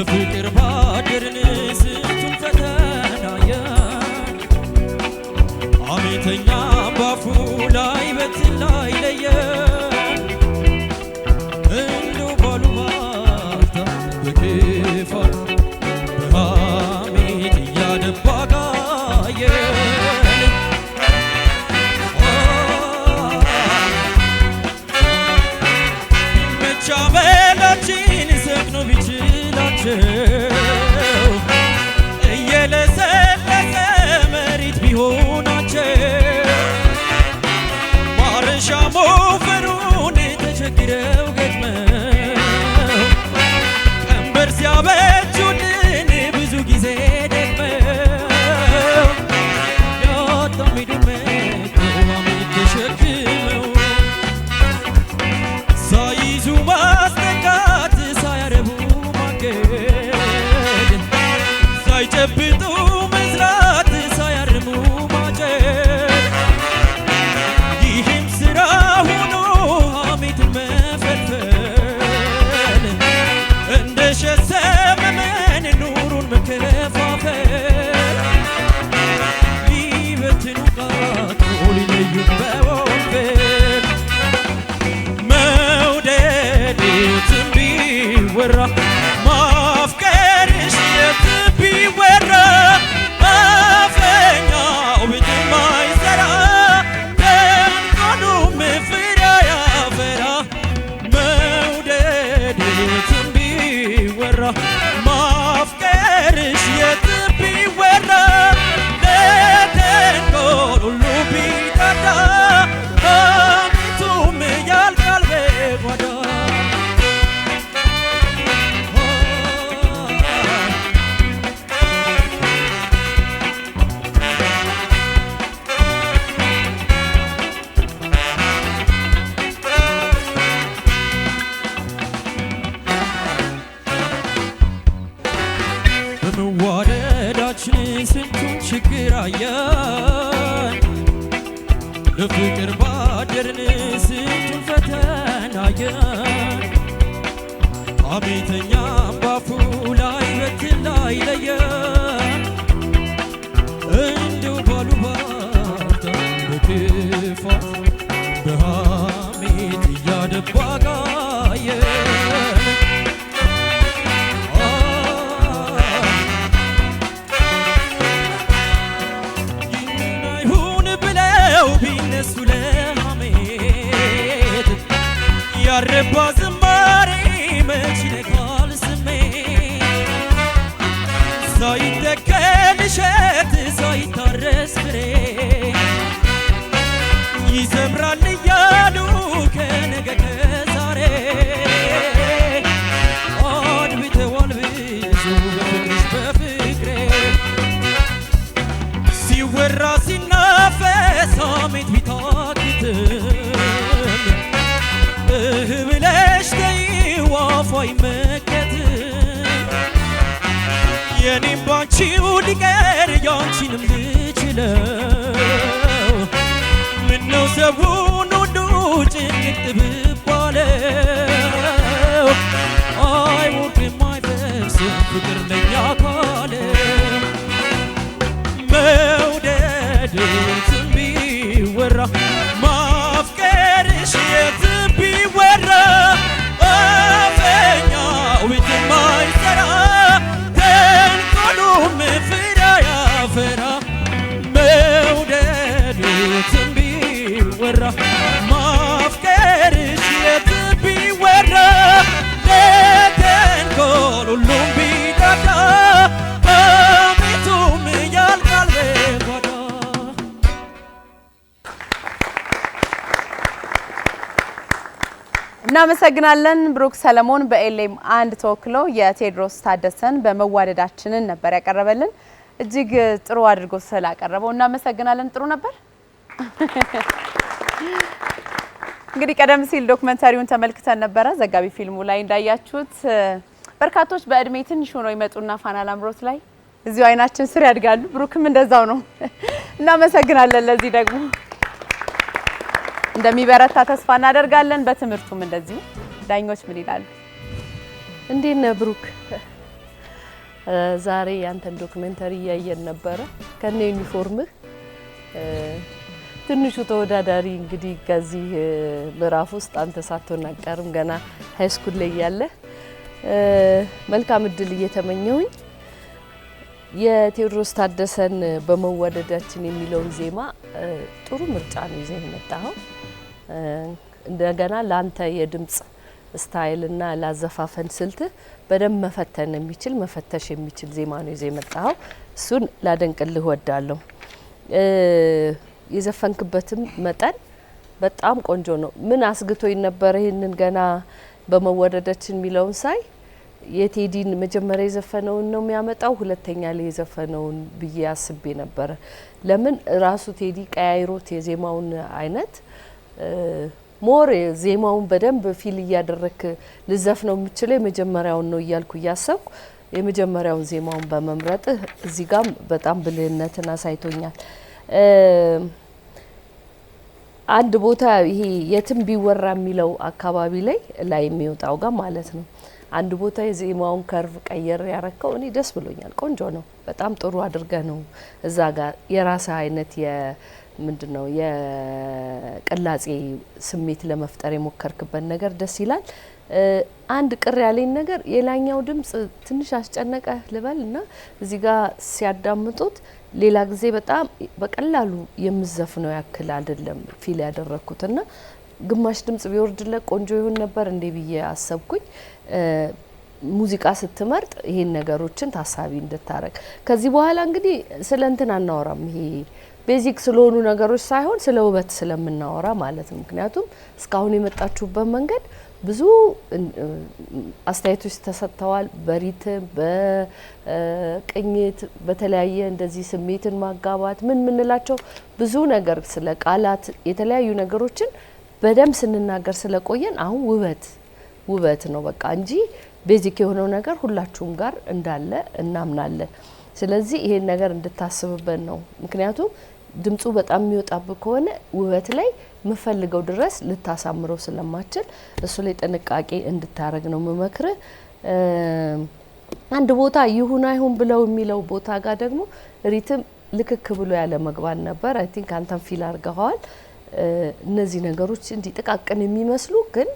በፍቅር ባደርን ስንቱን ፈተናየን አሜተኛ ባፉ ላይ በትን ላይ ለየን እንደው ባሉባልታ በክፋት በሐሜት እያደባ ጋየን ይመቻ በላችን ሰቅኖ ቢችል Yeah. ሳይጨብጡ መዝራት ሳያርሙ ማጨድ ይህም ስራ ሆኖ ሐሜትን መፈልፈል እንደ ሸሰመመን ኑሩን መከፋፈል ሊበትኑ ቃቱ ሊለዩን በወንፈል መውደድ ትንቢ ተሻገርን ስንቱን ፈተና አቤተኛ ባረባ ዝማሬ መች ነካል ስሜ ሳይተከል እሸት ሳይታረስ ፍሬ ይዘምራል እያሉ ከነገ ከዛሬ አድብተዋል ብዙ በፍቅርሽ በፍቅሬ ሲወራ ሲናፈስ አሜት ቢታክትም ሆይ መከት የኔም ባንቺው ሊቀር ያንቺንም ልችለው ምነው ሰውን ሁሉ ጭንቅ ጥብብ አለው አይወርድም አይፈርስም ፍቅር ለኛ ካለ መውደድ ዝም እናመሰግናለን ብሩክ ሰለሞን በኤልኤም አንድ ተወክሎ የቴዎድሮስ ታደሰን በመዋደዳችንን ነበር ያቀረበልን። እጅግ ጥሩ አድርጎ ስላቀረበው እናመሰግናለን። ጥሩ ነበር። እንግዲህ ቀደም ሲል ዶክመንታሪውን ተመልክተን ነበረ። ዘጋቢ ፊልሙ ላይ እንዳያችሁት በርካቶች በእድሜ ትንሽ ሆነው ይመጡና ፋና ላምሮት ላይ እዚሁ አይናችን ስር ያድጋሉ። ብሩክም እንደዛው ነው። እናመሰግናለን ለዚህ ደግሞ እንደሚበረታ ተስፋ እናደርጋለን። በትምህርቱም እንደዚሁ። ዳኞች ምን ይላሉ? እንዴት ነህ ብሩክ? ዛሬ ያንተን ዶክመንተሪ እያየን ነበረ ከነ ዩኒፎርምህ። ትንሹ ተወዳዳሪ እንግዲህ ከዚህ ምዕራፍ ውስጥ አንተ ሳትሆን አቀርም ገና ሃይስኩል ላይ ያለ መልካም እድል እየተመኘውኝ የቴዎድሮስ ታደሰን በመወደዳችን የሚለውን ዜማ ጥሩ ምርጫ ነው ይዘን የመጣኸው። እንደገና ለአንተ የድምጽ ስታይልና ላዘፋፈን ስልት በደንብ መፈተን የሚችል መፈተሽ የሚችል ዜማ ነው ይዘ የመጣኸው። እሱን ላደንቅልህ ወዳለሁ። የዘፈንክበትም መጠን በጣም ቆንጆ ነው። ምን አስግቶኝ ነበረ ይህንን ገና በመወደደችን የሚለውን ሳይ የቴዲን መጀመሪያ የዘፈነውን ነው የሚያመጣው፣ ሁለተኛ ላይ የዘፈነውን ብዬ አስቤ ነበረ። ለምን ራሱ ቴዲ ቀያይሮት የዜማውን አይነት ሞር ዜማውን በደንብ ፊል እያደረክ ልዘፍ ነው የምችለው የመጀመሪያውን ነው እያልኩ እያሰብኩ የመጀመሪያውን ዜማውን በመምረጥህ እዚህ ጋም በጣም ብልህነትን አሳይቶኛል። አንድ ቦታ ይሄ የትም ቢወራ የሚለው አካባቢ ላይ ላይ የሚወጣው ጋር ማለት ነው አንድ ቦታ የዜማውን ከርቭ ቀየር ያረከው እኔ ደስ ብሎኛል። ቆንጆ ነው። በጣም ጥሩ አድርገ ነው እዛ ጋር የራስ አይነት ምንድን ነው የቅላጼ ስሜት ለመፍጠር የሞከርክበት ነገር ደስ ይላል። አንድ ቅር ያለኝ ነገር የላኛው ድምጽ ትንሽ አስጨነቀ ልበል እና እዚህ ጋር ሲያዳምጡት ሌላ ጊዜ በጣም በቀላሉ የምዘፍነው ያክል አይደለም ፊል እና ግማሽ ድምጽ ቢወርድለት ቆንጆ ይሆን ነበር እንዴ ብዬ አሰብኩኝ። ሙዚቃ ስትመርጥ ይሄን ነገሮችን ታሳቢ እንድታረግ። ከዚህ በኋላ እንግዲህ ስለ እንትን አናወራም። ይሄ ቤዚክ ስለሆኑ ነገሮች ሳይሆን ስለ ውበት ስለምናወራ ማለት ነው። ምክንያቱም እስካሁን የመጣችሁበት መንገድ ብዙ አስተያየቶች ተሰጥተዋል። በሪትም፣ በቅኝት፣ በተለያየ እንደዚህ ስሜትን ማጋባት ምን ምንላቸው ብዙ ነገር ስለ ቃላት የተለያዩ ነገሮችን በደንብ ስንናገር ስለቆየን አሁን ውበት ውበት ነው በቃ እንጂ ቤዚክ የሆነው ነገር ሁላችሁም ጋር እንዳለ እናምናለን። ስለዚህ ይሄን ነገር እንድታስብበት ነው። ምክንያቱም ድምፁ በጣም የሚወጣብህ ከሆነ ውበት ላይ ምፈልገው ድረስ ልታሳምረው ስለማችል እሱ ላይ ጥንቃቄ እንድታደረግ ነው ምመክር። አንድ ቦታ ይሁን አይሁን ብለው የሚለው ቦታ ጋር ደግሞ ሪትም ልክክ ብሎ ያለ መግባት ነበር። አይ ቲንክ አንተን ፊል አድርገኸዋል። እነዚህ ነገሮች እንዲህ ጥቃቅን የሚመስሉ ግን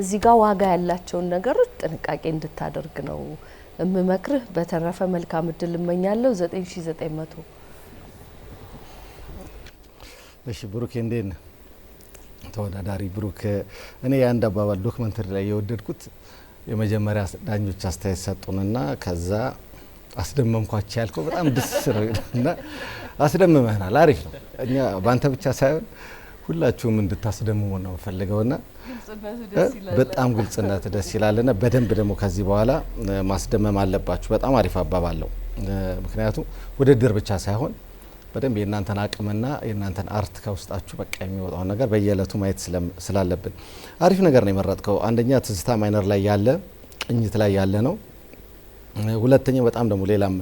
እዚህ ጋር ዋጋ ያላቸውን ነገሮች ጥንቃቄ እንድታደርግ ነው የምመክርህ። በተረፈ መልካም እድል እመኛለሁ። መቶ እሺ። ብሩክ እንዴን ተወዳዳሪ ብሩክ፣ እኔ የአንድ አባባል ዶክመንተሪ ላይ የወደድኩት የመጀመሪያ ዳኞች አስተያየት ሰጡንና ከዛ አስደመምኳቸው ያልከው በጣም ደስ እና አስደምመህናል። አሪፍ ነው። እኛ በአንተ ብቻ ሳይሆን ሁላችሁም እንድታስደምሙ ነው የምፈልገውና በጣም ግልጽነት ደስ ይላልና በደንብ ደግሞ ከዚህ በኋላ ማስደመም አለባችሁ። በጣም አሪፍ አባባል ምክንያቱም ውድድር ብቻ ሳይሆን በደንብ የእናንተን አቅምና የእናንተን አርት ከውስጣችሁ በቃ የሚወጣውን ነገር በየእለቱ ማየት ስላለብን አሪፍ ነገር ነው የመረጥከው። አንደኛ ትዝታ ማይነር ላይ ያለ ቅኝት ላይ ያለ ነው። ሁለተኛ በጣም ደግሞ ሌላም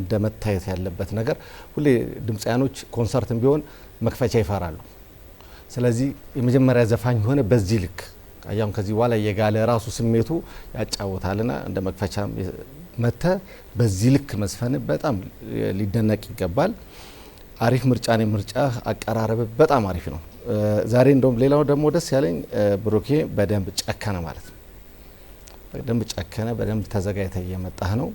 እንደ መታየት ያለበት ነገር ሁሌ ድምፃያኖች ኮንሰርትም ቢሆን መክፈቻ ይፈራሉ። ስለዚህ የመጀመሪያ ዘፋኝ ሆነ በዚህ ልክ አያም ከዚህ በኋላ የጋለ ራሱ ስሜቱ ያጫወታልና እንደ መክፈቻ መተ በዚህ ልክ መስፈን በጣም ሊደነቅ ይገባል። አሪፍ ምርጫ ነው። ምርጫ አቀራረብ በጣም አሪፍ ነው። ዛሬ እንደውም ሌላው ደግሞ ደስ ያለኝ ብሩኬ በደንብ ጨከነ ማለት ነው። በደንብ ጨከነ፣ በደንብ ተዘጋጅተ እየመጣህ ነው።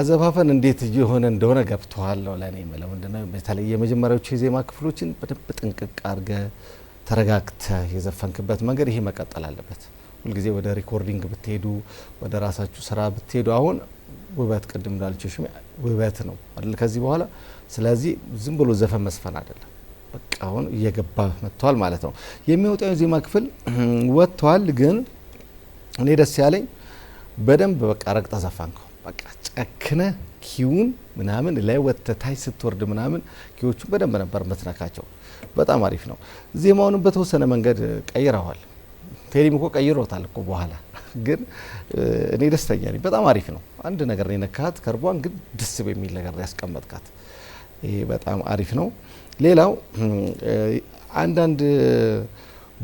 አዘፋፈን እንዴት እየሆነ እንደሆነ ገብተዋል ነው ለእኔ የምለው። ምንድነው በተለይ የመጀመሪያዎቹ የዜማ ክፍሎችን በደንብ ጥንቅቅ አድርገ ተረጋግተ የዘፈንክበት መንገድ ይሄ መቀጠል አለበት። ሁልጊዜ ወደ ሪኮርዲንግ ብትሄዱ፣ ወደ ራሳችሁ ስራ ብትሄዱ አሁን ውበት ቅድም እንዳለችሽ ውበት ነው አይደል? ከዚህ በኋላ ስለዚህ ዝም ብሎ ዘፈን መስፈን አይደለም። በቃ አሁን እየገባ መጥቷል ማለት ነው። የሚወጣው ዜማ ክፍል ወጥቷል፣ ግን እኔ ደስ ያለኝ በደንብ በቃ ረግጠ ዘፋንከው በቃ ጨክነ ኪውን ምናምን ላይ ወተታይ ስትወርድ ምናምን ኪዎቹን በደንብ ነበር ምትነካቸው። በጣም አሪፍ ነው። ዜማውንም በተወሰነ መንገድ ቀይረዋል። ቴሊም እኮ ቀይሮታል እኮ በኋላ ግን እኔ ደስተኛ ነኝ። በጣም አሪፍ ነው። አንድ ነገር ነው የነካት ከርቧን ግን ደስ በሚል ነገር ያስቀመጥካት። ይሄ በጣም አሪፍ ነው። ሌላው አንዳንድ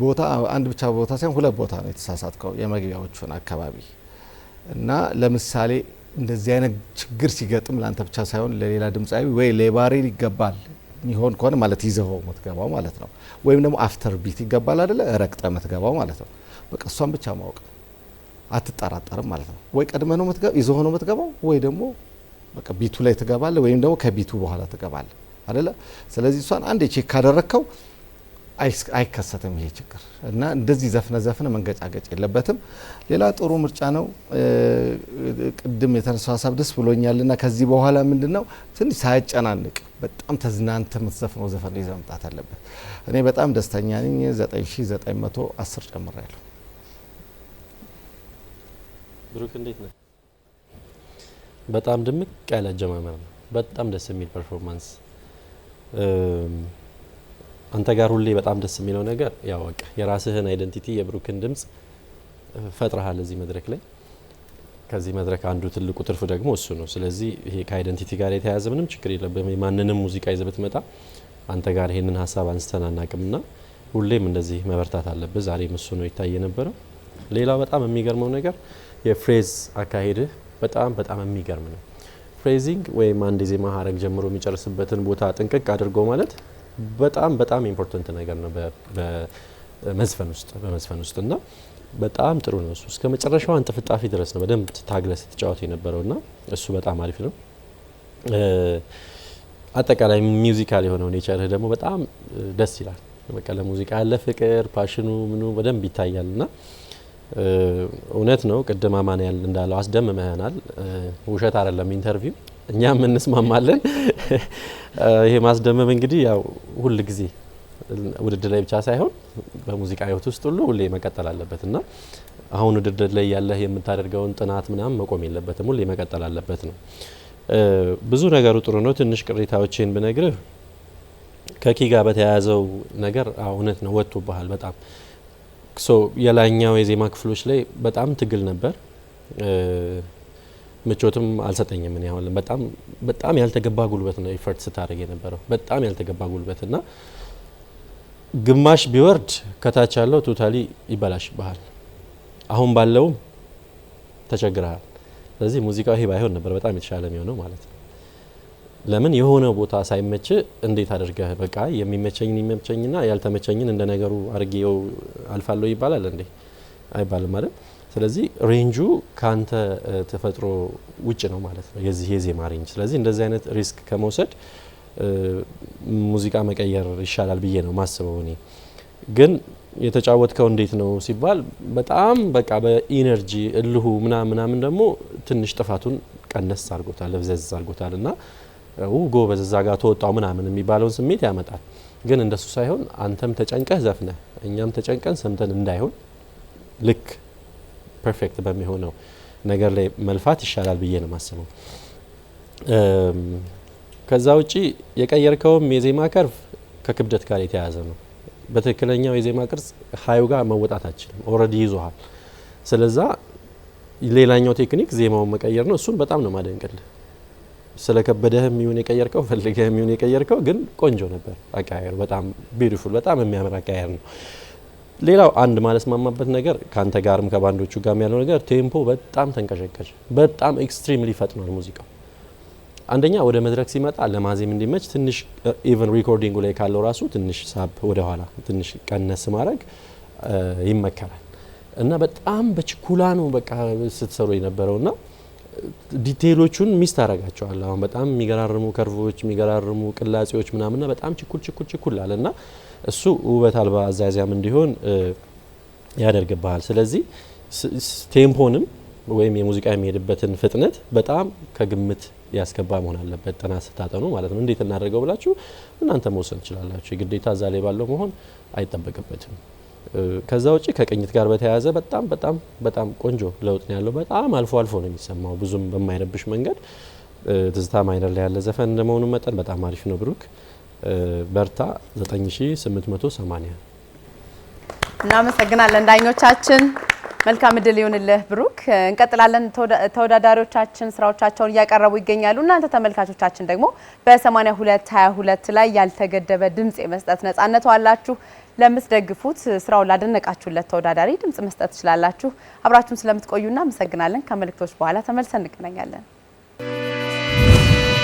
ቦታ አንድ ብቻ ቦታ ሳይሆን ሁለት ቦታ ነው የተሳሳትከው የመግቢያዎቹን አካባቢ እና ለምሳሌ እንደዚህ አይነት ችግር ሲገጥም ለአንተ ብቻ ሳይሆን ለሌላ ድምፃዊ ወይ ሌባሬል ይገባል የሚሆን ከሆነ ማለት ይዘው ምትገባው ማለት ነው። ወይም ደግሞ አፍተር ቢት ይገባል አደለ ረግጠ ምትገባው ማለት ነው። በቃ እሷን ብቻ ማወቅ አትጠራጠርም ማለት ነው። ወይ ቀድመ ነው ይዘ ነው ምትገባው ወይ ደግሞ በቃ ቢቱ ላይ ትገባለ ወይም ደግሞ ከቢቱ በኋላ ትገባለ አደለ። ስለዚህ እሷን አንድ ቼክ ካደረግከው አይከሰትም ይሄ ችግር እና እንደዚህ ዘፍነ ዘፍነ መንገጫገጭ የለበትም። ሌላ ጥሩ ምርጫ ነው። ቅድም የተነሳው ሀሳብ ደስ ብሎኛል። ና ከዚህ በኋላ ምንድን ነው ትንሽ ሳያጨናንቅ በጣም ተዝናንተ የምትዘፍነው ዘፈን ይዘ መምጣት አለበት። እኔ በጣም ደስተኛ ነኝ። 9910 ጨምሬያለሁ። ብሩክ እንዴት ነህ? በጣም ድምቅ ያለ አጀማመር ነው። በጣም ደስ የሚል ፐርፎርማንስ አንተ ጋር ሁሌ በጣም ደስ የሚለው ነገር ያው በቃ የራስህን አይደንቲቲ የብሩክን ድምጽ ፈጥረሃል እዚህ መድረክ ላይ። ከዚህ መድረክ አንዱ ትልቁ ትርፍ ደግሞ እሱ ነው። ስለዚህ ይሄ ከአይደንቲቲ ጋር የተያያዘ ምንም ችግር የለብም። የማንንም ሙዚቃ ይዘህ ብትመጣ አንተ ጋር ይህንን ሀሳብ አንስተን ና ሁሌም እንደዚህ መበርታት አለብህ። ዛሬም እሱ ነው ይታይ የነበረው። ሌላው በጣም የሚገርመው ነገር የፍሬዝ አካሄድህ በጣም በጣም የሚገርም ነው። ፍሬዚንግ ወይም አንድ ዜማ ሀረግ ጀምሮ የሚጨርስበትን ቦታ ጥንቅቅ አድርጎ ማለት በጣም በጣም ኢምፖርታንት ነገር ነው በመዝፈን ውስጥ በመዝፈን ውስጥ እና በጣም ጥሩ ነው እሱ እስከ መጨረሻው አንጥፍጣፊ ድረስ ነው በደንብ ታግለ ስትጫወት የነበረው እና እሱ በጣም አሪፍ ነው። አጠቃላይ ሚውዚካል የሆነው ኔቸርህ ደግሞ በጣም ደስ ይላል። በቃ ለሙዚቃ ያለ ፍቅር ፓሽኑ ምኑ በደንብ ይታያል እና እውነት ነው ቅድም አማን ያል እንዳለው አስደምመህናል። ውሸት አይደለም ኢንተርቪው እኛም እንስማማለን። ይሄ ማስደመም እንግዲህ ያው ሁል ጊዜ ውድድር ላይ ብቻ ሳይሆን በሙዚቃ ህይወት ውስጥ ሁሉ ሁሌ መቀጠል አለበት እና አሁን ውድድር ላይ ያለህ የምታደርገውን ጥናት ምናምን መቆም የለበትም፣ ሁሌ መቀጠል አለበት ነው። ብዙ ነገሩ ጥሩ ነው። ትንሽ ቅሬታዎችን ብነግርህ ከኪ ጋር በተያያዘው ነገር እውነት ነው ወጥቶብሃል በጣም ሶ የላይኛው የዜማ ክፍሎች ላይ በጣም ትግል ነበር። ምቾትም አልሰጠኝም። ምን ያሁን በጣም በጣም ያልተገባ ጉልበት ነው ኤፈርት ስታደርግ የነበረው በጣም ያልተገባ ጉልበት እና ግማሽ ቢወርድ ከታች ያለው ቶታሊ ይበላሽብሃል። አሁን ባለውም ተቸግረሃል። ስለዚህ ሙዚቃው ይሄ ባይሆን ነበር በጣም የተሻለ የሚሆነው ማለት ነው። ለምን የሆነ ቦታ ሳይመች እንዴት አድርገህ በቃ የሚመቸኝን የሚመቸኝና ያልተመቸኝን እንደ ነገሩ አድርጌው አልፋለሁ ይባላል እንዴ? አይባልም አይደል? ስለዚህ ሬንጁ ከአንተ ተፈጥሮ ውጭ ነው ማለት ነው የዚህ የዜማ ሬንጅ። ስለዚህ እንደዚህ አይነት ሪስክ ከመውሰድ ሙዚቃ መቀየር ይሻላል ብዬ ነው ማስበው እኔ ግን የተጫወትከው እንዴት ነው ሲባል በጣም በቃ በኢነርጂ እልሁ ምናምን ምናምን ደግሞ ትንሽ ጥፋቱን ቀነስ አድርጎታል፣ ለብዘዝ አርጎታል እና ጎበዝ በዘዛ ጋር ተወጣው ምናምን የሚባለውን ስሜት ያመጣል። ግን እንደሱ ሳይሆን አንተም ተጨንቀህ ዘፍነህ እኛም ተጨንቀን ሰምተን እንዳይሆን ልክ ፐርፌክት በሚሆነው ነገር ላይ መልፋት ይሻላል ብዬ ነው ማስበው። ከዛ ውጪ የቀየርከውም የዜማ ከርቭ ከክብደት ጋር የተያያዘ ነው። በትክክለኛው የዜማ ቅርጽ ሀዩ ጋር መወጣት አችልም። ኦልሬዲ ይዞሃል። ስለዛ ሌላኛው ቴክኒክ ዜማውን መቀየር ነው። እሱን በጣም ነው ማደንቀል። ስለ ከበደህም ይሁን የቀየርከው ፈልገህም ይሁን የቀየርከው ግን ቆንጆ ነበር አቀያየሩ። በጣም ቢዩቲፉል፣ በጣም የሚያምር አቀያየር ነው። ሌላው አንድ ማለስማማበት ነገር ከአንተ ጋርም ከባንዶቹ ጋርም ያለው ነገር ቴምፖ በጣም ተንቀሸቀሸ። በጣም ኤክስትሪምሊ ፈጥኗል ሙዚቃው። አንደኛ ወደ መድረክ ሲመጣ ለማዜም እንዲመች ትንሽ ኢቨን ሪኮርዲንጉ ላይ ካለው ራሱ ትንሽ ሳብ ወደ ኋላ ትንሽ ቀነስ ማድረግ ይመከራል እና በጣም በችኩላ ነው በቃ ስትሰሩ እና ዲቴይሎቹን ሚስ ታረጋቸዋል። አሁን በጣም የሚገራርሙ ከርቮች፣ የሚገራርሙ ቅላጼዎች ምናምንና በጣም ችኩል ችኩል ችኩል አለ እና እሱ ውበት አልባ አዛዚያም እንዲሆን ያደርግብሃል። ስለዚህ ቴምፖንም ወይም የሙዚቃ የሚሄድበትን ፍጥነት በጣም ከግምት ያስገባ መሆን አለበት። ጥናት ስታጠኑ ማለት ነው። እንዴት እናደርገው ብላችሁ እናንተ መውሰን ትችላላችሁ። የግዴታ እዛ ላይ ባለው መሆን አይጠበቅበትም። ከዛ ውጭ ከቅኝት ጋር በተያያዘ በጣም በጣም በጣም ቆንጆ ለውጥ ነው ያለው። በጣም አልፎ አልፎ ነው የሚሰማው፣ ብዙም በማይረብሽ መንገድ። ትዝታ ማይነር ላይ ያለ ዘፈን እንደመሆኑ መጠን በጣም አሪፍ ነው ብሩክ በርታ 9880 እናመሰግናለን ዳኞቻችን። መልካም እድል ይሁንልህ ብሩክ። እንቀጥላለን። ተወዳዳሪዎቻችን ስራዎቻቸውን እያቀረቡ ይገኛሉ። እናንተ ተመልካቾቻችን ደግሞ በ8222 ላይ ያልተገደበ ድምፅ የመስጠት ነጻነት አላችሁ። ለምትደግፉት ስራውን ላደነቃችሁለት ተወዳዳሪ ድምፅ መስጠት ትችላላችሁ። አብራችሁን ስለምትቆዩ እናመሰግናለን። ከመልእክቶች በኋላ ተመልሰን እንገናኛለን።